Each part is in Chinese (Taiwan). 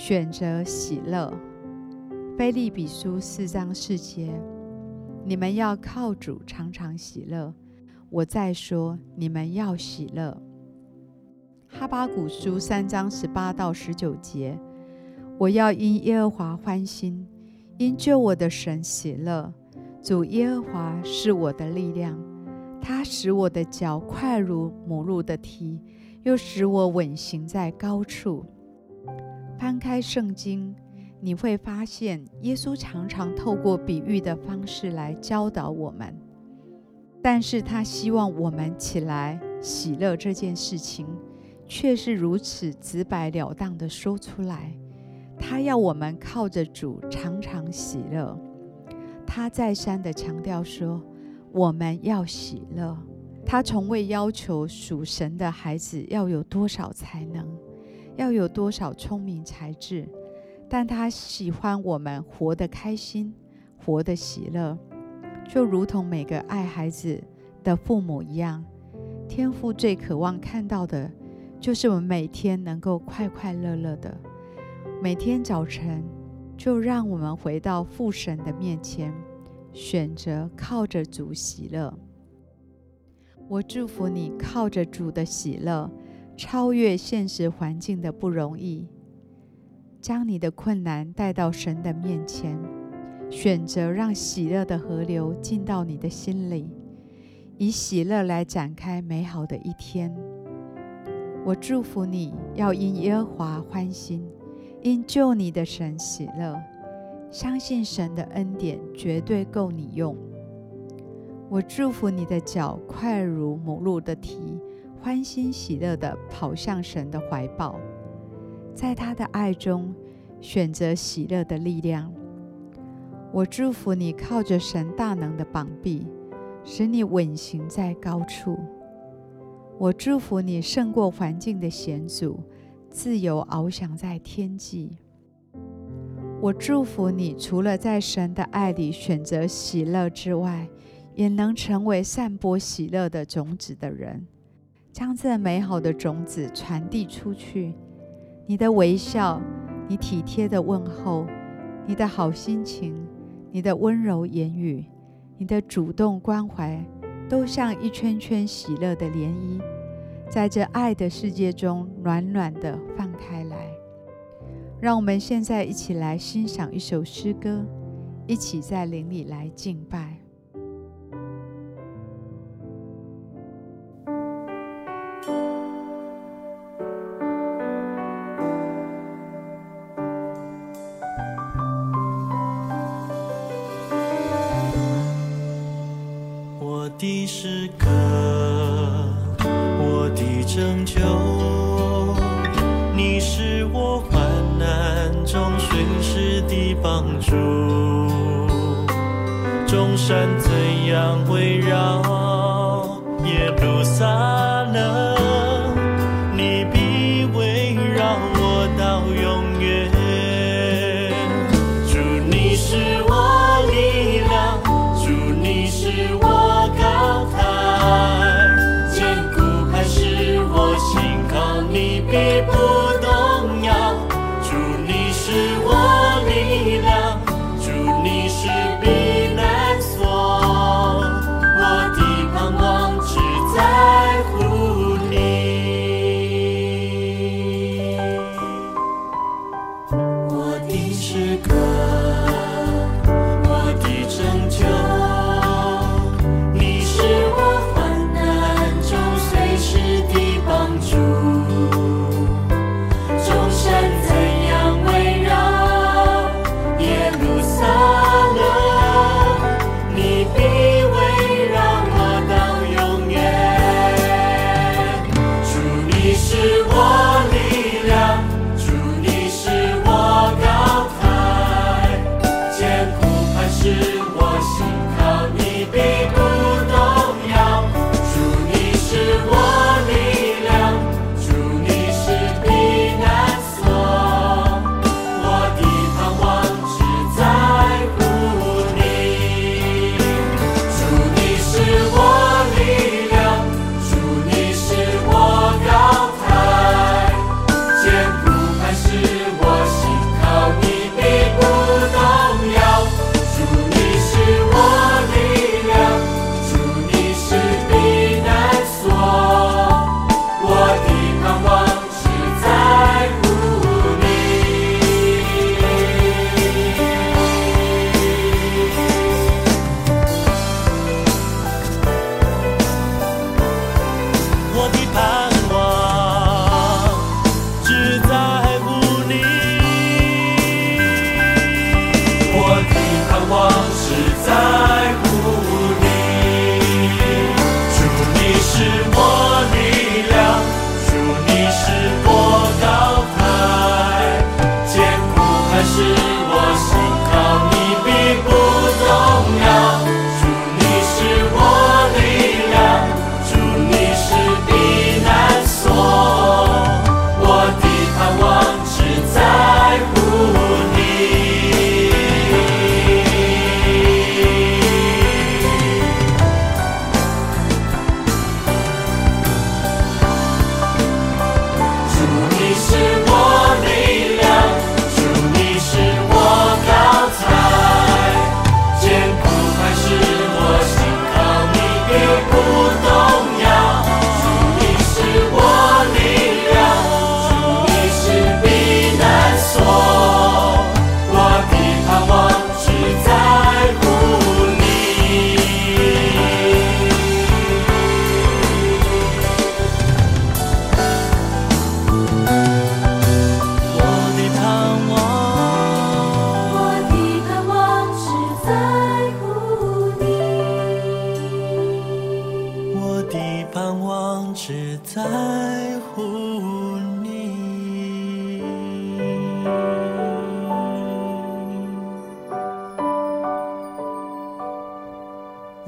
選擇喜樂，腓立比書四章四節，你們要靠主常常喜樂。我再說，你們要喜樂。哈巴谷書三章十八到十九節，我要因耶和華歡欣，因救我的神喜樂。主耶和華是我的力量，他使我的腳快如母鹿的蹄，又使我穩行在高處。翻開聖經，你會發現耶穌常常透過比喻的方式來教導我們，但是他希望我們起來喜樂這件事情，卻是如此直白了當的說出來。他要我們靠着主常常喜樂，他再三的強調說我們要喜樂。他從未要求屬神的孩子要有多少才能。要有多少聰明才智，但他喜歡我們活得開心，活得喜樂，就如同每個愛孩子的父母一樣。天父最渴望看到的，就是我們每天能夠快快樂樂的。每天早晨，就讓我們回到父神的面前，選擇靠着主喜樂。我祝福你，靠着主的喜樂。超越現實環境的不容易，將你的困難帶到神的面前，選擇讓喜樂的河流進到你的心裡，以喜樂來展開美好的一天。我祝福你，要因耶和華歡欣，因救你的神喜樂，相信神的恩典絕對夠你用。我祝福你的腳快如母鹿的蹄。歡欣喜樂的跑向神的懷抱，在他的愛中選擇喜樂的力量。我祝福你靠着神大能的膀臂，使你穩行在高處。我祝福你勝過環境的險阻，自由翱翔在天際。我祝福你除了在神的愛裡選擇喜樂之外，也能成為散播喜樂的種子的人。將這美好的種子傳遞出去，你的微笑，你體貼的問候，你的好心情，你的溫柔言語，你的主動關懷，都像一圈圈喜樂的漣漪，在這愛的世界中暖暖的泛開來。讓我們現在一起來欣賞一首詩歌，一起在靈裡來敬拜。的詩歌，我的拯救，你是我患難中隨時的幫助。眾山怎樣圍繞，耶路撒冷。詩歌。實在。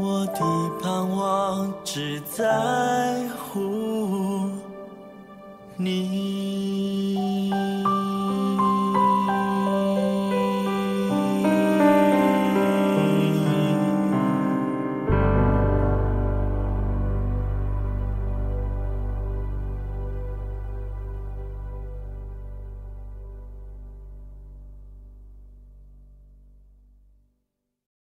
我的盼望只在乎。